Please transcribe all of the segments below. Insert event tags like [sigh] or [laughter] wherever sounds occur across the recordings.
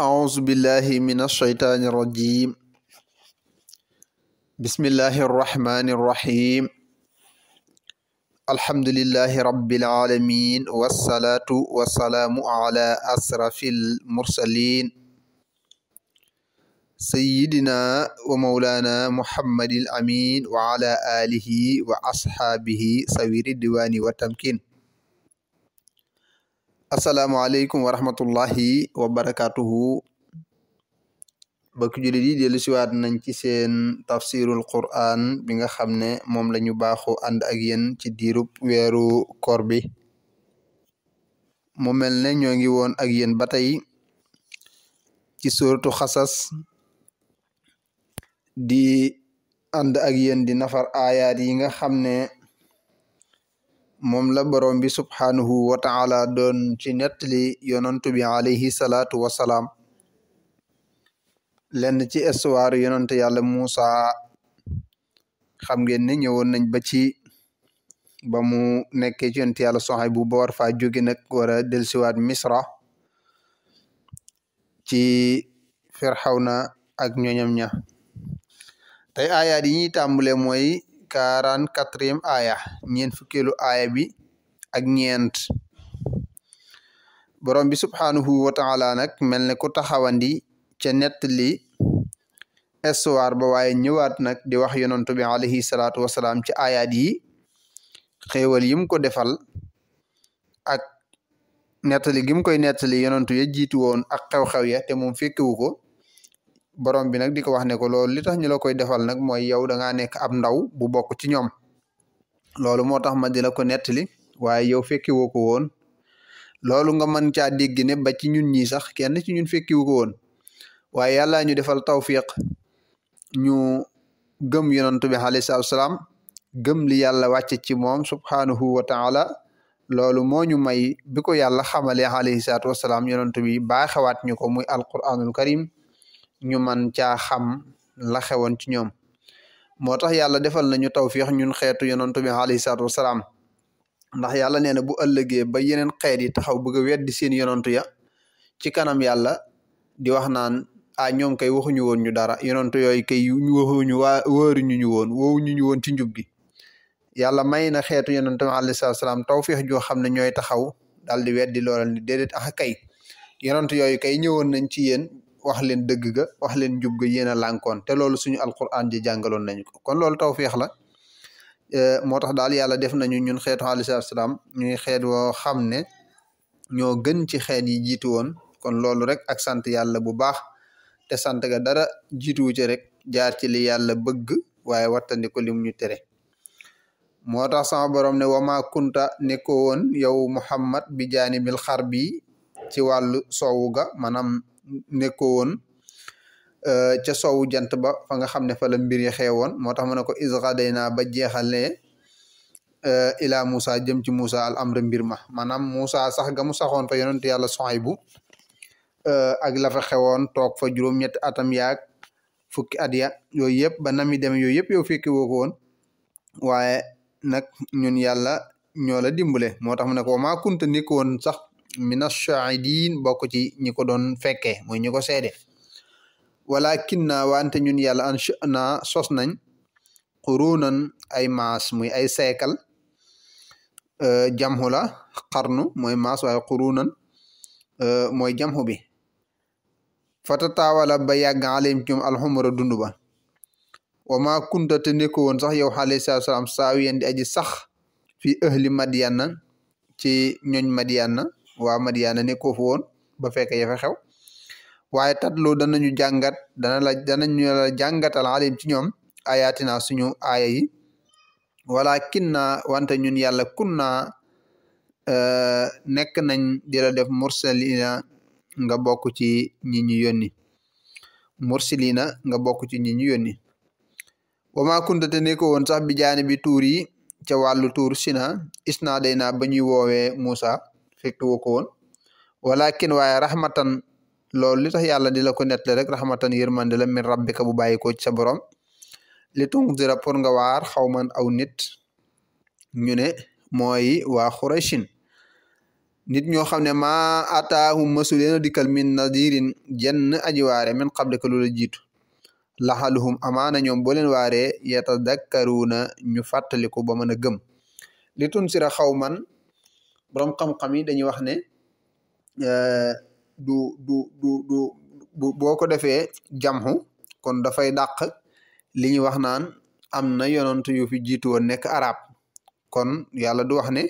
أعوذ بالله من الشيطان الرجيم بسم الله الرحمن الرحيم الحمد لله رب العالمين والصلاة والسلام على أشرف المرسلين سيدنا ومولانا محمد الأمين وعلى آله وأصحابه سوير الديوان والتمكين asalaamaaleykum wa rahmatullahi wa barakaatuhu bakk jullit yi dellu nañ ci seen tafsirul qur'an bi nga xam ne moom la ñu baaxoo ànd ak yéen ci diirub weeru koor bi mu mel ne ñoo ngi woon ak yéen ba tey ci suratu xasas di ànd ak yéen di nafar aayaat yi nga xam ne moom la borom bi subhaanahu wa taala doon ci nettali yonantu bi alayhi salaatu wasalaam lenn ci histoire yonantu yàlla Muusa xam ngeen ne ñëwoon nañ ba ci ba mu nekkee ci yonantu yàlla soxay bu ba war faa jóge nag war a delsiwaat misra ci firxawna ak ñoñam ña tey ayaat yi ñuy mooy quarante quatrième aya ñent fukkeelu aaya bi ak ñeent borom bi subhaanahu wa taala nag mel ne ku taxawandi ca nett li histoire ba waaye ñëwaat nag di wax yonantu bi alayhi salaatu wasalaam ci aayaat yi xéewal yim ko defal ak nettali gim koy nettali yonantu ya jiitu ak xew-xew ya te moom fekkewu ko borom bi nag di ko wax ne ko loolu li tax ñu la koy defal nag mooy yow da ngaa nekk ab ndaw bu bokk ci ñoom loolu moo tax ma di ko nettali waaye yow fekki ko woon loolu nga mën caa dégg ne ba ci ñun ñii sax kenn ci ñun fekki ko woon waaye yàlla ñu defal tawfiq ñu gëm yonantu bi alayhi salaam gëm li yàlla wàcce ci moom subhaanahu wa taala loolu moo ñu may bi ko yàlla xamalee alayhi salaatu wasalaam yonantu bi baaxewaat ñu ko muy alquranul karim ñu man caa xam la xewoon ci ñoom moo tax yàlla defal nañu tawfiix ñun xeetu yonantu bi alayhi salaatu wasalaam ndax yàlla nee na bu ëllëgee ba yeneen xeet yi taxaw bëgg a weddi seen yonantu ya ci kanam yàlla di wax naan a ñoom kay waxuñu woon ñu dara yonantu yooyu kay ñu waa wóoruñu ñu woon woowuñu ñu woon ci njub gi yàlla may na xeetu yonantu bi alayhi salaatu wasalaam tawfiix joo xam ne ñooy taxaw daal di weddi loolal ni déedéet ax ah, kay yonantu yooyu kay ñëwoon nañ ci yéen wax leen dëgg ga wax leen njub yéen lànkoon te loolu suñu alquran ji jàngaloon nañu ko kon loolu tawféex la eh, moo tax daal yàlla def nañu ñun xeetu alayhi salaam ñuy xeet woo xam ne ñoo gën ci xeet yi jiitu woon kon loolu rek ak sant yàlla bu baax te sant ga dara jiituwu ci rek jaar ci li yàlla bëgg waaye wattandi ko lim ñu tere moo tax sama borom ne wama kunta nekkoo woon yow Muhammad bi jaanibil xar bi ci wàllu soowu ga nekkoo wone euh, ca sowu jant ba fa nga xam ne fa la mbir yi xewoon moo tax mu ne ko isradey naa ba jeexal ne euh, ilaa Moussa jëm ci Moussa al amra mbir ma maanaam Moussa sax ga mu saxoon fa yonent yàlla Suhaybu euh, ak la fa xewoon toog fa juróom-ñetti atam yaag fukki at ya yooyu yëpp ba nami dem yooyu yëpp yow fekki woo ko woon waaye nag ñun yàlla ñoo la dimbale moo kunta nekk woon sax min ash-shaahidin bokk ci ñi ko doon fekkee mooy ñi ko seede walakin na wante ñun yàlla anshana sos nañ qurunan ay maas muy ay seekal euh, jamxu la xarnu mooy maas qurunan euh, mooy jamxu bi fata taawala ba yàgg alim ci ñoom alxumra dund ba ma kunta te nekko sax yow alayhi sax fi ahli madiyanna ci ñooñ madiyanna waa Madiyaana nekkoo fa woon ba fekk ya fa xew waaye tatloo danañu jàngat dana la danañu la jàngatal alim ci ñoom ayaatina suñu aaya yi kin na wante ñun yàlla kun naa euh, nekk nañ di la def mursalina nga bokk ci ñi ñu yónni mursalina nga bokk ci ñi ñu yónni wa kunta te nekk woon sax bi bi tuur ca wàllu tuur sina isnaa day naa ba ñuy woowee fekk woo ko woon walakin waaye rahmatan loolu li tax yàlla di la ko nettali rek rahmatan yërmande la min rabbika bu bàyyi ko ci sa borom li tunzira pour nga waar xawman aw nit ñu ne mooy waa xuraysin nit ñoo xam ne ma ataahum masu leen a dikkal min nadirin jenn aji waare min qablika lu la jiitu laxaluhum amaana ñoom boo leen waaree yatadakkaruuna ñu fàttaliku ba mën a gëm li tunsira xawman boroom xam-xam yi dañuy wax ne eh, du du du du boo ko defee jamxu kon dafay dàq li ñuy wax naan am na yonantu yu fi jiitu woon nekk arab kon yàlla du wax ne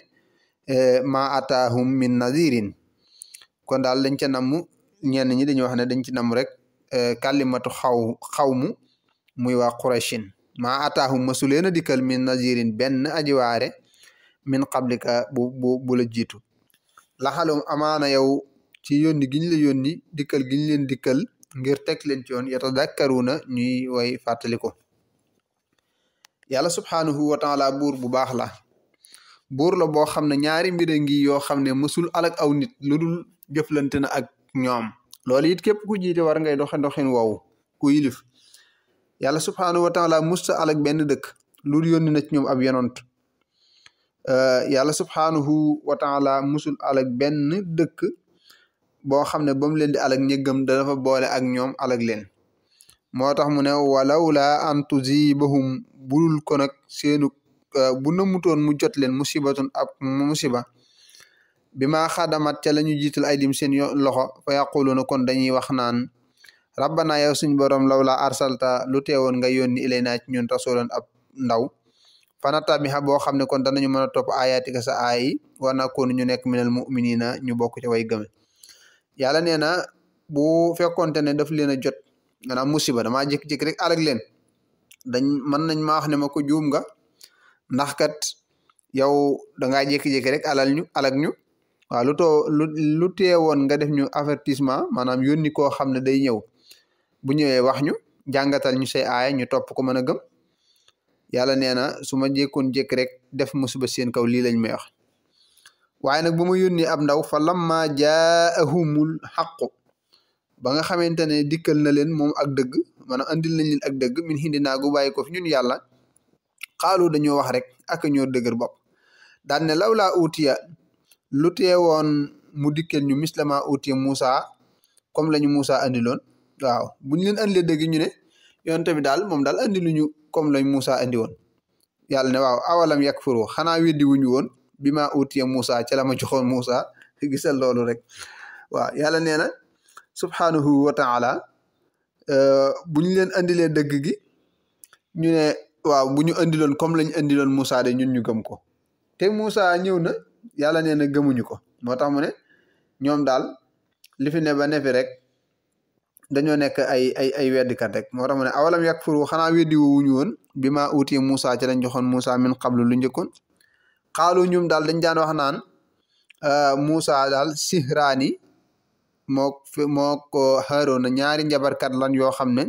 eh, ma ataahum min nadirin kon daal dañ ca namm ñenn ñi dañuy wax ne dañ ci namm rek eh, kalimatu xaw xawmu muy waa qurashin ma ataahum masu leen a dikkal min nadirin benn ajiwaare min qablika bu bu bu la jiitu laxalum amaana yow ci yónni giñ la yónni dikkal giñ leen dikkal ngir teg leen ci yoon yatadakkaruna ñuy way fàttali ko yàlla subhaanahu wa taala buur bu baax la buur la boo xam ne ñaari mbir a ngi yoo xam ne mësul alag aw nit lu dul jëflante na ak ñoom loolu it képp ku jiite war ngay doxe doxin woowu ku yilif yàlla subhaanahu wa taala musta alak benn dëkk lu yónni na ci ñoom ab yonant Euh, yàlla subhaanahu wa taala musul alak benn dëkk boo xam ne ba mu leen di alak ñëggam da dafa boole ak ñoom alak leen moo tax mu ne walawla an tusibahum budul ko nag seenu euh, bu nëmutoon mu jot leen musibatun ab musiba bi ma xadamat ca la ñu jiital ay dim seen loxo fa yaquluna kon dañuy wax naan rabbana yow suñ borom lawla arsalta lu teewoon nga yónni ilayna ci ñun rasulan ab ndaw fanata mi boo xam ne kon danañu mën a topp aayaati ka sa aay yi war naa ñu nekk minal muminina ñu bokk ci way gëme yàlla nee na bu fekkonte ne daf leen a jot maanaam musiba damaa jékki-jékki rek leen dañ mën nañ maa wax ne ma ko juum nga ndax kat yow dangaa jékki rek alal ñu alag ñu waaw lu too lu lu teewoon nga def ñu avertissement maanaam yónni koo xam ne day ñëw bu ñëwee wax ñu jàngatal ñu say aaya ñu topp ko mën a gëm yàlla nee na su ma jékkoon rek def ba seen kaw lii lañ may wax waaye nag ba ma yónnee ab ndaw fa lamma jaahumul xaqu ba nga xamante ne dikkal na leen moom ak dëgg maanaam andil nañ leen ak dëgg min hindi naa gu bàyyi ñun yàlla xaalu dañoo wax rek ak ñoo dëgër bopp daan ne law laa utiya lu woon mu dikkal ñu mislama utiya Moussa comme la ñu Moussa andiloon waaw bu ñu leen andilee dëgg ñu ne yonent bi daal moom daal andiluñu comme lañ Moussa andi woon yàlla ne waaw awalam yakfuru xanaa weddi wuñu woon bi maa utiya Moussa ca la ma joxoon Moussa [laughs] gisal loolu rek waaw yàlla nee na subhaanahu wa taala euh, bu ñu leen andilee dëgg gi ñu ne waaw bu ñu andiloon comme lañ andiloon Moussa de ñun ñu gëm ko te Moussa ñëw na yàlla nee na gëmuñu ko moo tax mu ne ñoom daal li ba ne rek dañoo nekk ay ay ay weddikat rek moo tax mu ne awalam yakfuru xanaa weddi wuñu woon bi maa uti Moussa ci lañ joxoon Moussa min qablu lu njëkkoon xaalu ñum daal dañ daan wax naan euh, Moussa daal sihraani moo moo ko xaaroon ñaari njabarkat lan yoo xam ne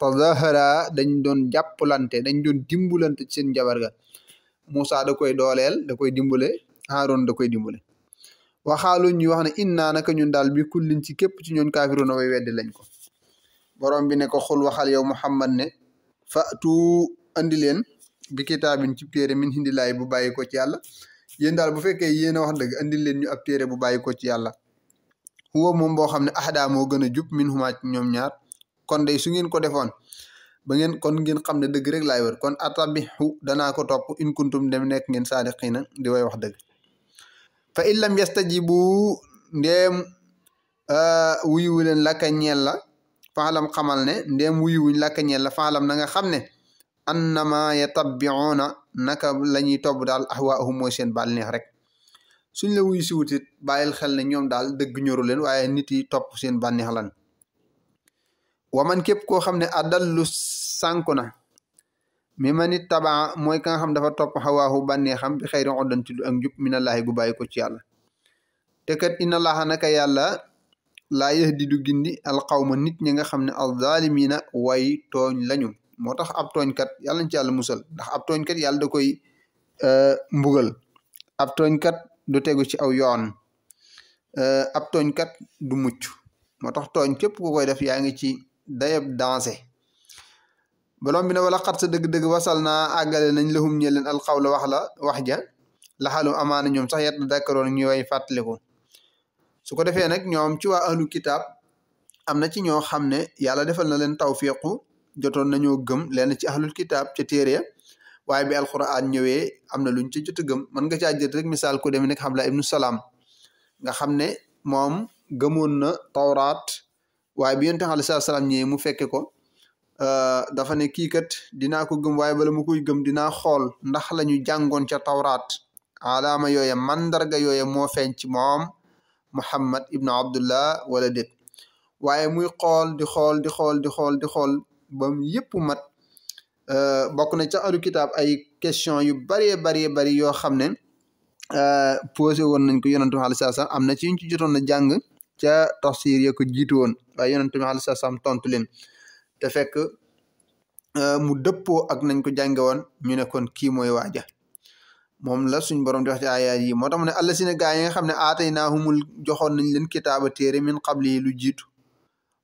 tazahara dañ doon jàppalante dañ doon dimbalante ci seen njabar ga Moussa da koy dooleel da koy dimbale Haaroon da koy dimbale waxaalu ñuy wax ne innaa naka ñun daal bi kullin ci képp ci ñun kaafiruuna way weddi lañ ko boroom bi ne ko xul waxal yow muhammad ne fatu andi leen bi kitaabin ci téere min hindilaay bu bàyyi ko ci yàlla yéen daal bu fekkee yéen a wax dëgg andi leen ñu ab téere bu bàyyi ko ci yàlla boo xam ne ahdaa moo gën a jub min humaa ci ñoom ñaar kon day su ngeen ko defoon ba ngeen kon ngeen xam ne dëgg rek laay wër kon atabixu danaa ko topp in kuntum dem nekk ngeen saadiqiina di way wax dëgg fa in lam yastajibu ndéem euh, wuyuwu leen laka ñeel la faalam xamal ne ndéem wuywuñ laka ñeel la faalam na nga xam ne annama yatabiuna naka la ñuy topp daal ahwaahum mooy seen baal rek suñ le wuyu si wutit bàyyil xel ne ñoom daal dëgg ñoru leen waaye nit yi topp seen bànneex lan waman képp koo xam ne adallu sànku na mi ma nit tabaa mooy ka xam dafa topp xawaahu bànnee xam bi xëy na oddan ci lu ak njub mina laahi gu bàyyi ci yàlla te kat ina laaxa yàlla laa yahdi du gindi ma nit ñi nga xam ne alzaalimiina way tooñ lañu moo tax ab tooñkat yàllañ ci yàlla musal ndax ab tooñkat yàlla da koy euh, mbugal ab tooñkat du tegu ci aw yoon euh, ab tooñkat du mucc moo tax tooñ képp ku koy def yaa ngi ci dayab dansé borom bi ne wala xat sa dëgg-dëgg wasal naa àggale nañ lahum ñe leen alxawla wax la wax ja laxalum amaana ñoom sax yet dakkaroon ñu way fàttaliku su ko defee nag ñoom ci waa ahlu kitaab am na ci ñoo xam ne yàlla defal na leen tawfiqu jotoon nañoo gëm leen ci ahlul kitaab ca téere waaye bi alquran ñëwee am na luñ ci jot gëm mën nga caa jël rek misaal ku demee xam Habla ibnu Salaam nga xam ne moom gëmoon na tawraat waaye bi yonent alayhi salaam ñëwee mu fekke ko Euh, dafa ne kiikat kat dinaa ko gëm waaye bala mu koy gëm dinaa xool ndax la jàngoon ca tawraat alaama yooye mandarga yooye moo feeñ ci moom Muhammad ibnu Abdullah wala déet waaye muy xool di xool di xool di xool di xool bam yëpp mat euh, bokk na ca alu kitaab ay question yu bëree bëree bëri yoo xam ne euh, pose woon nañ ko yonantu bi alayhi salaam am na ci yuñ ci jotoon na jàng ca tafsir ya ko jiitu woon waaye yonantu bi alayhi salaam tontu leen te fekk euh, mu dëppoo ak nañ ko jànge woon ñu ne kon kii mooy waaja moom la suñ borom di wax ci aayaat moo tax mu ne alla si ne nga xam ne aatay naa humul joxoon nañ leen kitaaba téere min xabli yi lu jiitu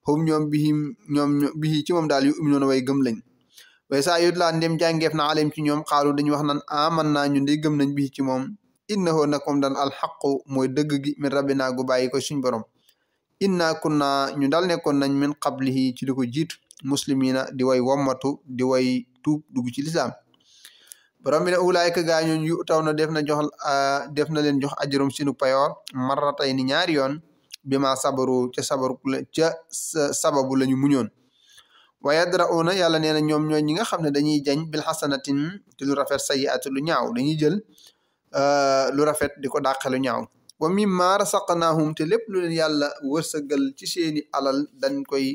hum ñoom bihi ñoom bihi ci moom daal yu um noonu way gëm lañ way saa yut laa ndem jàngeef na alem ci ñoom xaalu dañu wax naan aman naa ñun dey gëm nañ bihi ci moom innahoo nag moom daan alxaqu mooy dëgg gi min rabbinaa gu bàyyi ko suñ borom inna kunna ñu daal nekkoon nañ min qablihi ci li ko jiitu muslimina di way wommatu di way tuub dugg ci lislaam borom bi ne ulaayka gaa yu taw na def na jox def na leen jox ajurum sinu payoor marratay ni ñaari yoon bi ma sabaru ca sabaru ca sababu la ñu muñoon wa yadrauna yàlla nee na ñoom ñooy ñi nga xam ne dañuy jañ bil xasanatin te lu rafet sayiatu lu ñaaw dañuy jël lu rafet di ko dàqe lu ñaaw wa mimma rasaqnaahum te lépp lu leen yàlla wërsëgal ci seeni alal dañ koy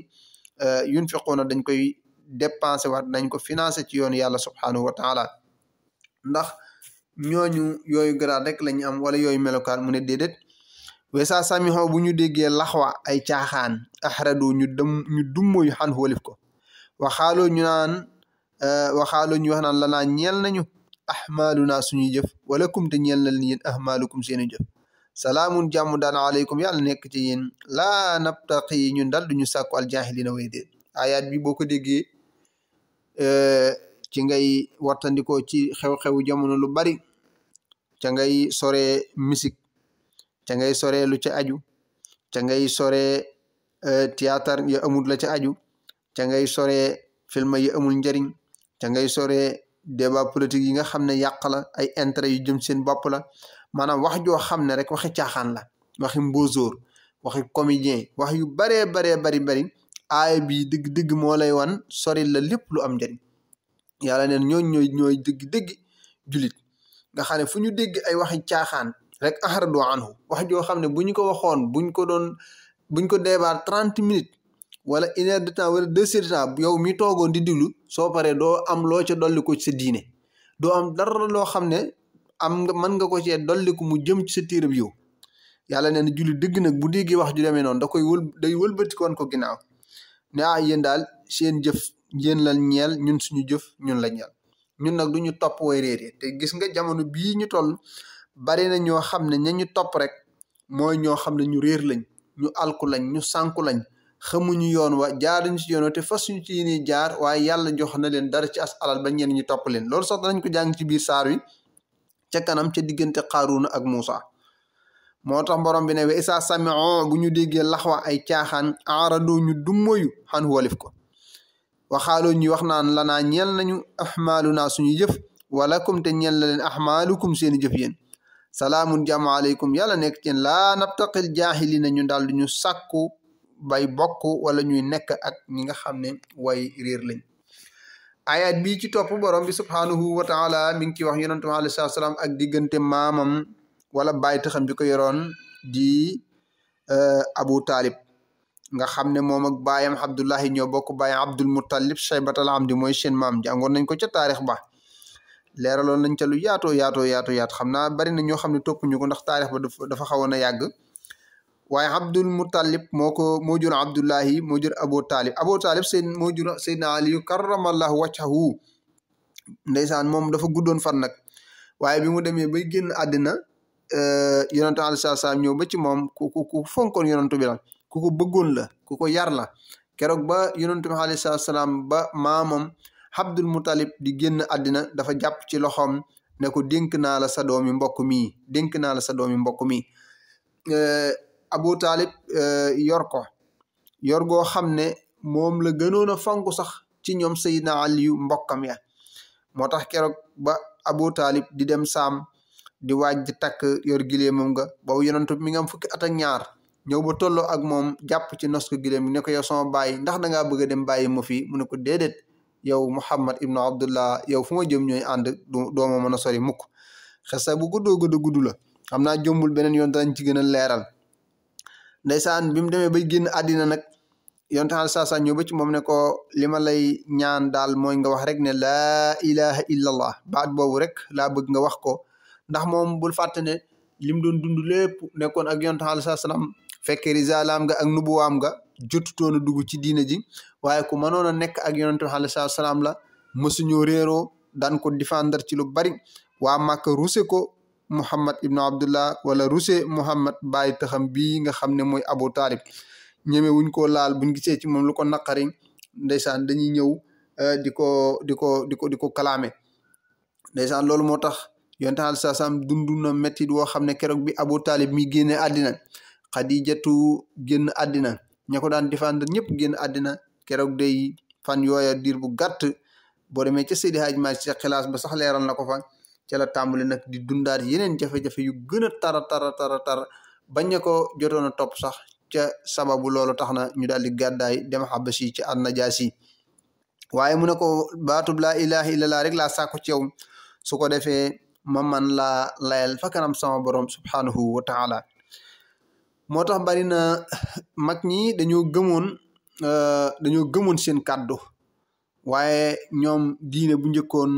Euh, na dañ koy dépensé waat nañ ko financé ci yoon yàlla subhaanahu wa taala ndax ñooñu yooyu garaat rek la am wala yooyu melokaan mu ne déedéet weesaa samihoo bu ñu déggee laxwa ay caaxaan axrado ñu dem ñu dummoyu xan ko waxaalo ñu naan euh, waxaaloo ñu wax naan lanaa ñeel nañu ahmaalunaa suñuy jëf wala kumte ñeel na leen yéen ahmaalukum seeni jëf salaamun jàmm daan aleykum yàlla nekk ci yéen laa nabtaqi ñun dal duñu sàkku aljahilina way déet ayaat bi boo ko déggee eh, ci ngay wartandikoo ci xew-xewu jamono lu bari ca ngay sore misik ca ngay sore lu ci aju ca ngay sore eh, théâtre ya amul la ci aju ca ngay sore film ya amul njëriñ ca ngay sore débat politique yi nga xam ne yàq la ay intérêt yu jëm seen bopp la maanaam wax joo xam ne rek waxi caaxaan la waxi mbóosóor waxi comédien wax yu baree baree bari bari aay bi dëgg dëgg moo lay wan sori la lépp lu am njëriñ yàlla neen ñooñ ñooy ñooy dëgg dëgg julit nga xam ne fu ñu dégg ay waxi caaxaan rek aharadu anhu wax joo xam ne bu ñu ko waxoon buñ ko doon buñ ko débat trente minutes wala une heure de temps wala deux heures temps yow mi toogoon di diglu soo paree doo am loo ca dolli ko ci sa doo am dara loo xam ne am nga mën nga ko cee dolliku mu jëm ci sa tiirab yiw yàlla nee a julli digg nag bu déggee wax ju demee noonu da koy wël day wëlbatikoon ko ginnaaw ne ah yéen daal seen jëf yéen la ñeel ñun suñu jëf ñun la ñun nag du ñu topp way réeree te gis nga jamono bii ñu toll bari na ñoo xam ne ña ñu topp rek mooy ñoo xam ne ñu réer lañ ñu alku lañ ñu sànku lañ xamuñu yoon wa jaaruñu ci yoon wa te fasuñu ci yéene jaar waaye yàlla jox na leen dara ci as alal ba ñeen ñu topp leen loolu sax nañ ko jàng ci biir saar wi ca kanam ca diggante xaaruna ak muusa moo tax mborom bi ne wa isaa bu ñu déggee laxwa ay caaxaan aaradu ñu dummoyu xan walif ko waxaaloo ñuy wax naan lanaa ñeel nañu ahmaalunaa suñu jëf walakum te ñeel na leen ahmaalukum seeni jëf yéen salaamun jàmm aleykum yàlla nekk ci laa nabtaqil jaahilina ñu daal du ñu sàkku bay bokk wala ñuy nekk ak ñi nga xam ne way réer leen ayaat bii ci topp borom bi subhaanahu wa taala mi ngi ci wax yonentu mi alayhi salaatu salaam ak diggante maamam wala bàyyi taxam bi ko yoroon di eh, Abu Taalib nga xam ne moom ak baayam Abdullahi ñoo bokk baayam Abdul Muttalib Shaybatal Hamdi mooy seen maam jàngoon nañ ko ca taarix ba leeraloon nañ ca lu yaatoo yaatoo yaatoo yaat xam naa bari na ñoo xam ne topp ko ndax taarix ba dafa xawoon a yàgg waaye abdul muttalib moo ko moo jur abdullahi moo jur abou taalib abou taalib seen moo jur seydna aliyu karamallahu wajhahu ndeysaan moom dafa guddoon fan nag waaye bi mu demee bay génn àddina eh, yonentu alayhi salaam ñëw ba ci moom ku ku ku fonkoon yonentu bi la ku ko bëggoon la ku ko yar la keroog ba yonentu bi alayhi salaam ba maamam abdul muttalib di génn àddina dafa jàpp ci loxoom ne ko dénk naa la sa doomi mbokk mi dénk naa la sa doomi mbokk mi eh, Abu Taalib euh, yor ko yor goo xam ne moom la gënoon a fonk sax ci ñoom Seydina Aliyu mbokkam ya moo tax keroog ba Abu Taalib di dem saam di waaj di takk yor gileemam nga boobu yonentu mi nga am fukki at ak ñaar ñëw ba tolloo ak moom jàpp ci nos ko gileem ne ko yow sama bàyyi ndax da ngaa bëgg a dem bàyyi ma fii mu ne ko déedéet yow Muhammad ibnu Abdullah yow fu ma jëm ñooy ànd du dooma mën a sori mukk xesa bu guddoo gudd gudd la xam naa jombul beneen yoon danañ ci gën a leeral ndeysaan bi mu demee bay génn àddina nag yonte xal saa saa ñëw ba ci moom ne ko li ma lay ñaan daal mooy nga wax rek ne laa ilaha illallah baat boobu rek laa bëgg nga wax ko ndax moom bul fàtte ne lim doon dund lépp nekkoon ak yonte xal saa salaam fekke risalaam nga ak nubuwaam nga jotutoon a dugg ci diina ji waaye ku mënoon a nekk ak yonente xal saa salaam la mësuñu réeroo daan ko défendre ci lu bari waa Màkka ruuse ko muhammad ibnu abdullah wala rusé muhammad bàyyi taxam bii nga xam ne mooy abu taalib ñeme wuñ koo laal buñ gisee ci moom lu ko naqari ndeysaan dañuy ñëw eh, di ko di ko di ko di ko kalaame ndeysaan loolu moo tax yonent al sa sam na métti woo xam ne keroog bi abu taalib mi génne àddina xadijatu génn àddina ña ko daan défendre ñëpp génn àddina keroog day fan yooya diir bu gàtt boo demee ca Seydi Hadj Malick ci xilaas ba sax leeral na ko fa ca la tàmbali nag di dundaat yeneen jafe-jafe yu gën a tara tara tara tar bañ na ko jotoon a topp sax ca sababu loolu tax na ñu daal di gàddaay dem xabasi ci annajaasi waaye mu ne ko baatub la ilaha illallah rek laa sàkku ci yow su ko defee ma man laa layal fa kanam sama borom subhanahu wa taala moo tax bari na mag ñi dañu gëmoon euh, dañu gëmoon seen kàddu waaye ñoom diine bu njëkkoon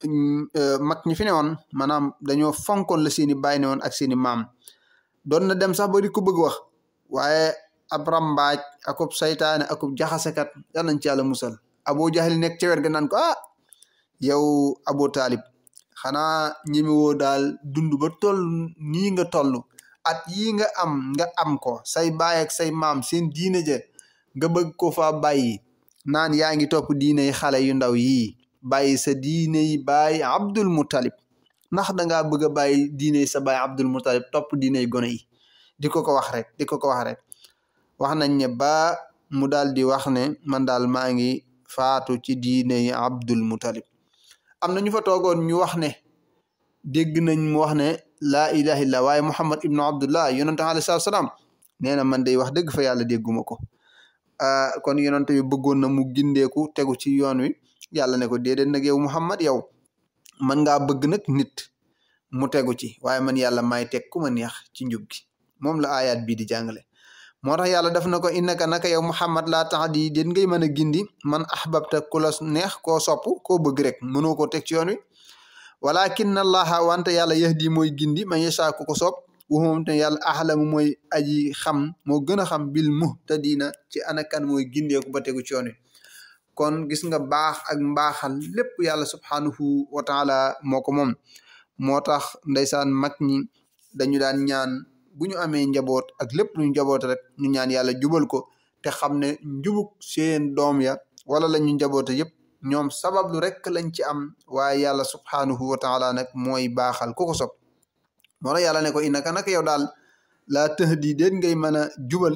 Eh, mag ñi fi newoon maanaam dañoo fonkoon la seeni baay newoon ak seeni maam doon na dem sax ba di ko bëgg wax waaye ab rambaaj akub saytaane akub jaxasekat yal nañ ci yàlla musal Abu Jahal nekk ca wér ga naan ko ah yow Abu Taalib xanaa ñemewoo daal dund ba toll nii nga toll at yii nga am nga am ko say baay say maam seen diine ja nga bëgg ko faa bàyyi naan yaa ngi topp diiney xale yu ndaw yii bàyyi sa diine yi baay Abdul Muttalib ndax danga bëgg a bàyyi diine yi sa baay Abdul Muttalib topp diine yi gone yi di ko ko wax rek di ko ko wax rek wax nañ ne ba mu daal di wax ne man daal maa ngi faatu ci diine yi Abdul Muttalib am na ñu fa toogoon ñu wax ne dégg nañ mu wax ne laa ilaha illa waaye Muhammad ibnu Abdullah yonente alayhi salaatu salaam nee na man day wax dëgg fa yàlla dégguma ko ah, kon yonente bi bëggoon na mu gindeeku tegu ci yoon wi yàlla ne ko déedéet nag yow Muhammad yow man ngaa bëgg nag nit mu tegu ci waaye man yàlla may teg ku ma neex ci njub ki moom la aayaat bii di jàngale moo tax yàlla daf na ko i naka yow Muhammad laa tax di déet ngay mën a gindi man ahbabta ku la neex koo sopp koo bëgg rek mënoo ko teg ci yoon wi wala walakin allaha wante yàlla di mooy gindi man yashaa ku ko sopp waxumam te yàlla axlamu mooy aji xam moo gën a xam bil muhtadina ci anakan mooy gindeeku ba tegu ci yoon wi kon gis nga baax ak mbaaxal lépp yàlla subhaanahu wa taala moo ko moom moo tax ndeysaan mag ñi dañu daan ñaan bu ñu amee njaboot ak lépp lu ñu njaboot rek ñu ñaan yàlla jubal ko te xam ne njubug seen doom ya wala la ñu njaboote yëpp ñoom sabablu rek lañ ci am waaye yàlla subhaanahu wa taala nag mooy baaxal ku ko sob moo tax yàlla ne ko innaka nag yow daal laa tahdi déet ngay mën a jubal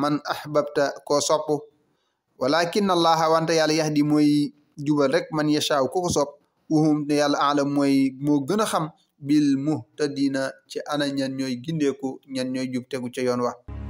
man ahbabta koo sopp walakin allaha wante yàlla yahdi mooy jubal rek man yashaaw ku ko soob uhum ne yàlla alam mooy moo gën a xam bil diina ci ana ñan ñooy gindeeku ñan ñooy jub tegu ca yoon wa